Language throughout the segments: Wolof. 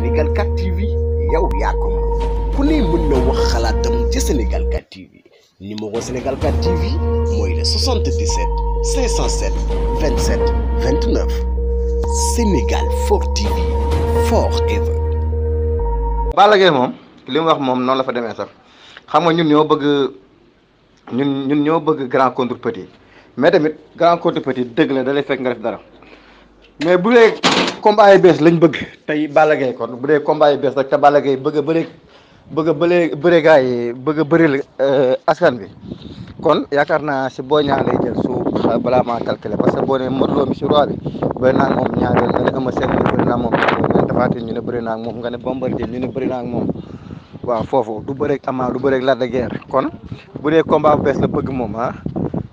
Sénégal 4 TV yow yaa ko moom ku ne mën na wax xalaatam ci Sénégal 4 TV numéro Sénégal 4 TV moy le 77 507 27 29 Sénégal 4 TV forever. Balla Gaye moom li mu wax mom non la fa démé sax xam nga ñun ñoo bëgg ñun ñun ñoo bëgg grand contre petit mais tamit grand contre petit deug la dalay fekk nga def dara. mais bu dee combat yu bees lañ bëgg tey Balla Gaye kon bu dee combat yu bees rek bëgg a bëgg a bëre bëre gaa yi bëgg a bëril euh, askan bi kon yaakaar naa si boo ñaa lay jël su balaa que boo nee Modou Lo mi si roi ne Eumeu naa moom ñaari yoon nga ne Tapha Tine ñu naa moom waaw foofu du bëreeg Ama du bëreeg Lac de Guiers kon bu dee combat bu bees la bëgg moom ah,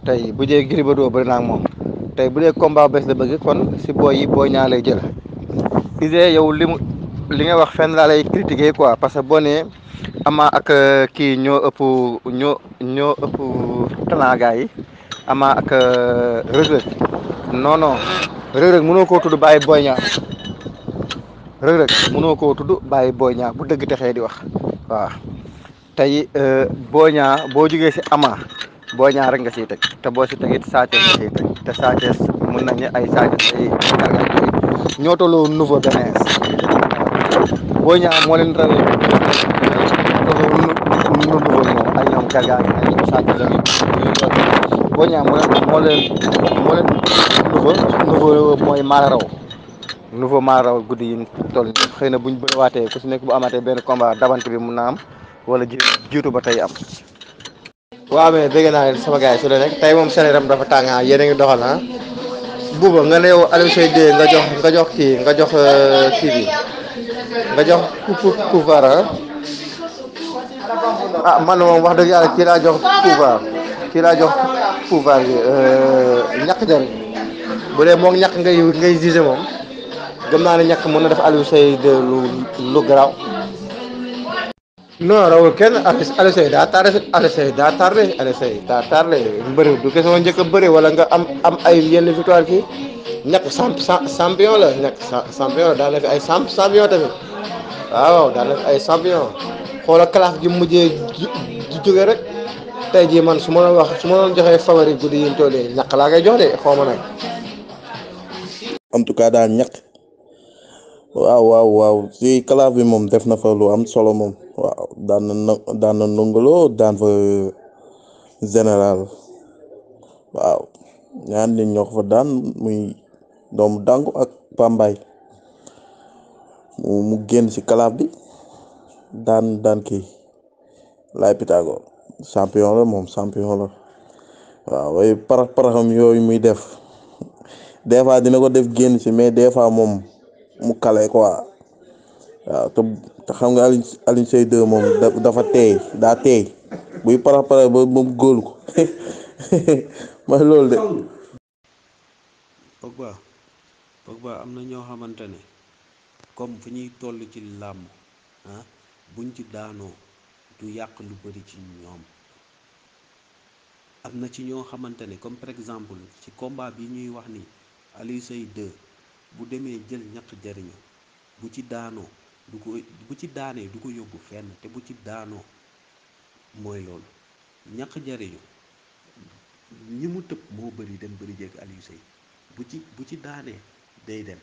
tey bu dee Gris Bordeaux bëri naa moom tey bu dee combat bees la bëgg kon si booy yi booy ñaa lay jël yow limu mu li nga wax fen laa lay critiquer quoi parce que boo nee ak euh, kii ñoo ëpp ñoo ëpp talent gars yi Ama ak euh, Reug Reug non non Reug Reug mënoo koo tudd bàyyi booy ñaa Reug Reug mënoo koo tudd bàyyi booy ñaa bu dëgg texee di wax waaw tey euh, booy boo jugee si Ama. boo ñaar rek nga siy teg te boo si teg it Sa Thiès nga siy teg te Sa Thiès mën nañ ne ay Sa Thiès ay gargaar yooyu ñoo tolloo nouveau benn boo ñaar moo leen rawee tolloo nouveau moom ay ñoom kaga yi ay ñoom Sa Thiès lañu boo ñaar moo leen moo leen moo leen nouveau nouveau mooy maara raw nouveau maara raw guddi yi toll nii xëy na buñ bëriwaatee ku si nekk bu amatee benn combat dabante bi mun naa am wala jiitu ba tey am waaw mais bëgg naa leen sama gars yi su la nekk tey moom seen yaram dafa tàng ah, yéen a ngi doxal ah buuba nga ne yow Aliou Seye de nga jox nga jox kii nga jox euh, kii bi nga jox pouvoir ah. ah man moom wax dëgg yàlla kii laa jox pouvoir kii laa jox pouvoir bi euh, ñàkk jar bu dee moom ñàkk ngay ngay gisé moom gëm naa ne ñàkk mën na def Aliou Seye de lu lu garaaw. non rawul kenn Alioune Seye daa tar Alioune daa tarle Alioune Seye daa tarle mbëri du kese woon njëkk a bëri wala nga am am ay yenn victoire kii nekk champion la nekk champion la ay champion tamit waaw ay champion xoola classe gi mujjee ju jóge rek tey jii man su ma doon wax su ma doon joxee favori guddi yi ñu toll nii ñaq laa koy jox de xaw ma en tout cas daal ñaq. waaw waaw waaw si calaf bi moom def na fa lu am solo moom waaw daan na daan na nongoloo daan fa général waaw ñaan nit ñoo fa daan muy doomu dàngu ak pambay mu génn si calaf bi daan daan kii laay pitago champion la moom champion la waaw parax paraxam yooyu muy def des fois dina ko def génn si mais des fois moom mu kale quoi waaw te xam nga Alioune Alioune Seye moom dafa teey daa teey buy para para ba moom góol ko ma loolu de. Pogba Pogba am na ñoo xamante ne comme fu ñuy toll ci làmb ah, buñ ci daanoo du yàq lu bari ci ñoom am na ci ñoo xamante ne comme par exemple ci combat bi ñuy wax ni Alioune Seye 2. bu demee jël ñaq jariñu bu ci daanoo du ko bu ci daanee du ko yóbbu fenn te bu ci daanoo mooy loolu ñaq jariñu ñi mu tëb moo bëri dem bëri jéeg Aliou Seye bu ci bu ci daanee day dem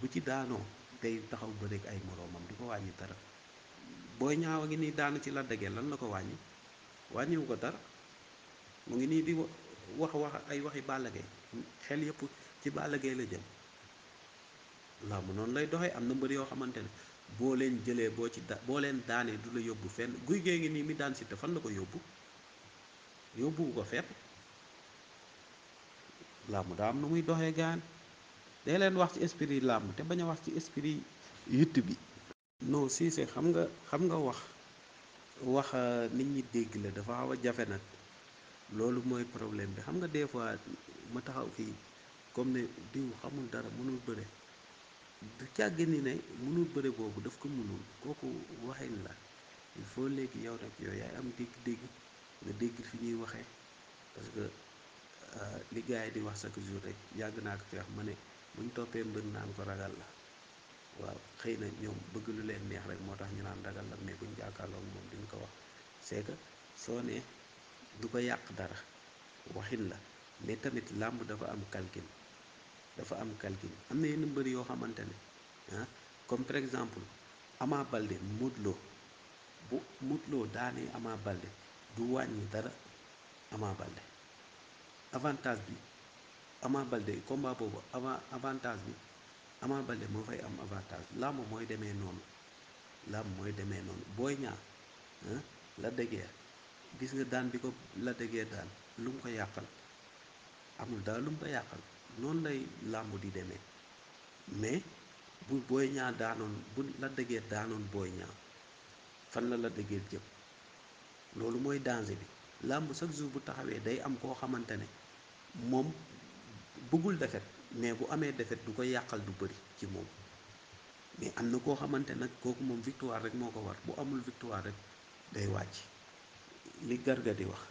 bu ci daanoo day taxaw bëri ak ay moroomam du ko wàññi dara booy ñaawa ngi nii daanu ci la degee lan la ko wàññi wàññiwu ko dara mu ngi nii di wax wax ay waxi Balla Gaye xel yëpp ci Balla Gaye la jëm làmb noonu lay doxee am na mbër yoo xamante ne boo leen jëlee boo ci da boo leen daanee du la yóbbu fenn guy gée ngi nii mi daan Siteu fan la ko yóbbu yóbbuwu ko fenn làmb daa am nu muy doxee gaan day leen wax ci esprit làmb te bañ a wax ci esprit yut bi no non Cissé xam nga xam nga wax wax euh, nit ñi dégg la dafa xaw a jafe nag loolu mooy problème bi xam nga des fois ma taxaw fii comme ne diw xamul dara mënul bëre du càgg ni ne mënul bëre boobu daf ko mënul kooku waxin la il faut léegi yow rek yow yaay am dégg-dégg nga dégg fi ñuy waxee parce que euh, li gars yi di wax chaque jour rek yàgg naa ko feex ma ne muñ toppee mbër naan ko ragal la waaw xëy na ñoom bëgg lu leen neex rek moo tax ñu naan ragal la mais buñ jàkkaarloo moom duñ ko wax c'est soo nee du ko yàq dara waxin la mais tamit làmb dafa am calcul. dafa am calcul am na yenn mbër yoo xamante ne ah, comme par exemple Ama Baldé Modou bu Modou Lô daanee Ama Baldé du wàññi dara Ama Baldé avantage bi Ama Baldé combat boobu avantage bi Ama Baldé moo fay am avantage làmb mooy demee noonu làmb mooy demee noonu booy Niang ah, la dëggeer gis nga daan bi ko la dëggeer daan lu mu ko yàqal amul dara lu mu ko yàqal noonu lay làmb di demee mais bu booy ñaar daanoon bu la dëggeer daanoon booy ñaar fan la la dëggeer jëm loolu mooy danger bi làmb chaque jour bu taxawee day am koo xamante ne moom bëggul defet mais bu amee defet du ko yàqal du bëri ci moom mais am na koo xamante nag kooku moom victoire rek moo ko war bu amul victoire rek day wàcc li garga di wax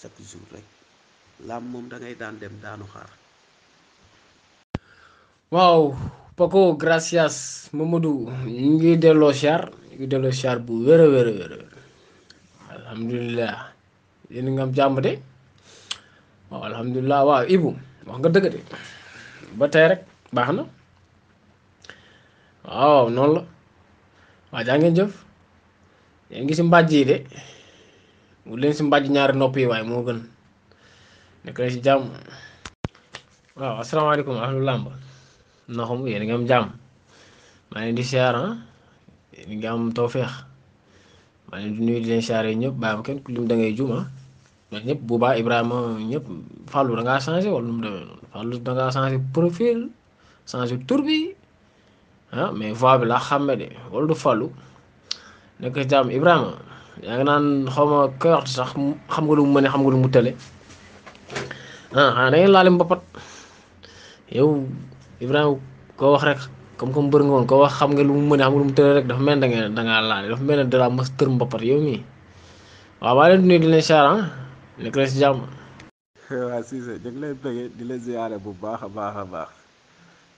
chaque jour rek làmb moom da ngay daan dem daanu xaar Wow, Paco gracias Mamadou ñu ngi delloo char ñu ngi delloo char bu wér a wér a wér alhamdulilah yéen am jàmm de waaw alhamdulilah waaw Ibu wax nga dëgg de ba tey rek baax na waaw noonu la waa jaa ngeen jëf yaa ngi si mbàjj yi de mu leen si mbàjj ñaari nopp yi waaye moo gën nekk na si jàmm waaw asalaamaaleykum naxum yéen a ngi am jàmm maa ngi di siyaar ah. yéen a ngi am tawféex maa ngi di nuyu di leen siyaaree ñëpp bàyyi ma kenn ku lim da ngay juum ah. ñëpp Bouba Ibrahima ñëpp Fallou da ngaa changé wala nu mu demee noonu Fallou da ngaa changé profil changé tur bi ah. mais voix bi laa xàmme de wala du Fallou nekk jàmm Ibrahima yaa ngi naan xaw kër sax xam nga lu mu mën xam nga lu mu tële ah ibrahim ko wax rek comme comme mbër nga ko wax xam nga lu mu mën a xam lu mu tëral rek dafa mel da nga da nga laal dafa mel ne dara ma tër mbappat yow mi waaw ba leen di nuyu di leen le ah jam wa si jàmm. waaw lay bëggee di la ziaré bu baax a baax baax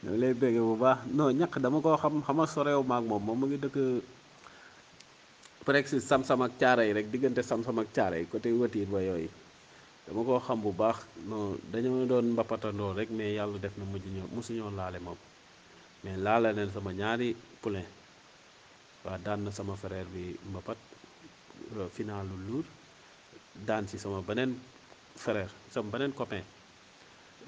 ñu lay bëggee bu baax non ñak dama ko xam xama soreew maag moom mom mo ngi dëkk prexis sam-sam ak caara rek digënté sam-sam ak caara côté wëtir ba yoy dama koo xam bu baax non dañoo doon mbappatandoo rek mais yàlla def na mujj ñoo mosuñoo laale moom mais laala leen sama ñaari poulain waa daan na sama frère bi mbapat euh, finalu lour daan si sama beneen frère sama beneen copain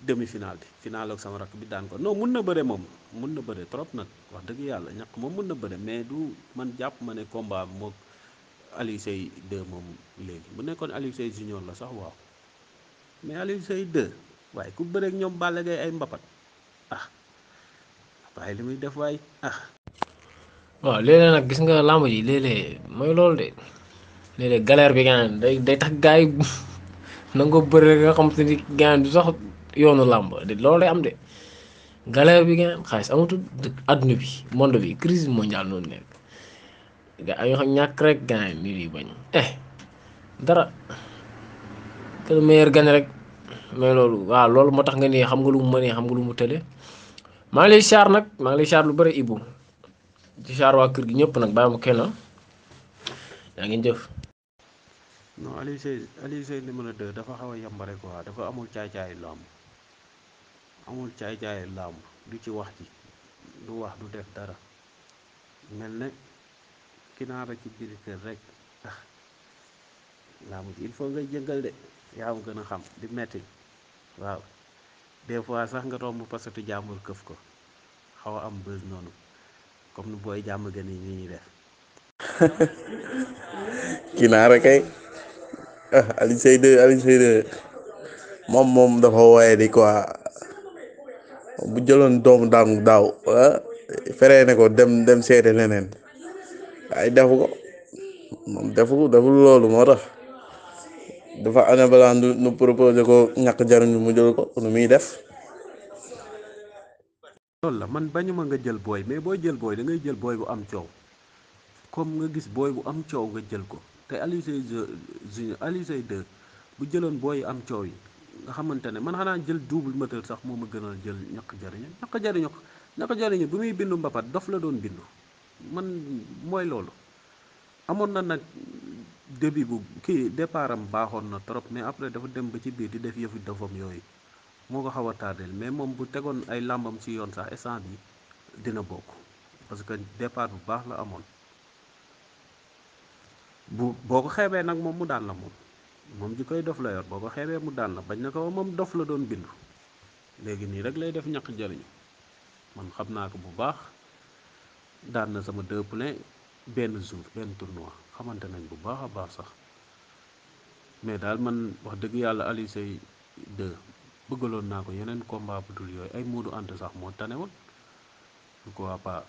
demi final bi final sama rakk bi daan ko non mun na bëre moom mun na bëre trop nag wax dëgg yàlla ñàkk moom mun na bëre mais du man jàpp ma ne combat mook Aliou Seye 2 moom léegi bu nekkoon Aliou Seye junior la sax waaw mais Aliou Seye 2 waaye ku bëreeg ñoom Balla Gaye ay mbapat ah, waaye li muy def waay ah. waaw léeg-léeg nag gis nga làmb ji léeg mooy loolu de léeg-léeg bi nga xam day day tax gars nangoo bëri nga xam te ni gars du sax yoonu làmb de loolu am de galère bi nga xam xaalis amatul adduna bi monde bi crise mondiale noonu nekk gars yi ñàkk rek gars yi mbir bañ eh dara. que le meilleur rek mais loolu waaw loolu moo tax nga ne xam nga lu mu mënee xam nga lu mu tële maa ngi lay siyaar nag maa ngi lay siyaar lu bëri Ibou di kër gi ñëpp nag bàyyi ma kenn ah. yaa ngi jëf. non Aliou Seye Aliou dafa xaw a yambare quoi dafa amul caay-caayu làmb amul caay-caayu làmb du ci wax ci du wax du def dara mel ne kinaara ci biir kër rek ah làmb ji il faut ngay jëngal de. yaa ma gën a xam di metti waaw des fois sax nga romb pasatu jàmbur këf ko xaw a am bës noonu comme nu booy jàmm gën yi ñuy def. kinaara ah, woye di quoi bu jëloon doomu daanu daaw ah, feree ne ko dem dem seete leneen ay defu ko moom defu ko loolu moo tax. dafa ana balaa nu proposé ko ñàkk jaruñu mu jël ko nu muy def loolu la man bañu ma nga jël booy mais booy jël booy da ngay jël booy bu am coow comme nga gis booy bu am coow nga jël ko te Aliou Seye junior bu jëloon booy am coow yi nga xamante ne man xanaa jël double moteur sax moo ma gënal jël ñàkk jariñu ñàkk jariñu ñàkk jariñu bu muy bindu mbapat dof la doon bindu man mooy loolu amoon na nag début bu kii départ am baaxoon na trop mais après dafa dem ba ci biir di def yëfu dofam yooyu moo ko xaw a tardeel mais moom bu tegoon ay làmbam ci yoon sax instant yi dina bokk parce que départ bu baax la amoon bu boo ko xeebee nag moom mu daan la moom moom ji koy dof la yor boo ko xeebee mu daan la bañ na ko moom dof la doon bindu léegi nii rek lay def ñaq jariñu man xam naa ko bu baax daan na sama deux poulain benn jour benn tournoi xamante nañ bu baax a baax sax mais daal man wax dëgg yàlla Aliou Seye 2 bëggaloon naa ko yeneen combat bu dul yooyu ay Modou Anta sax moo tane woon pourquoi pas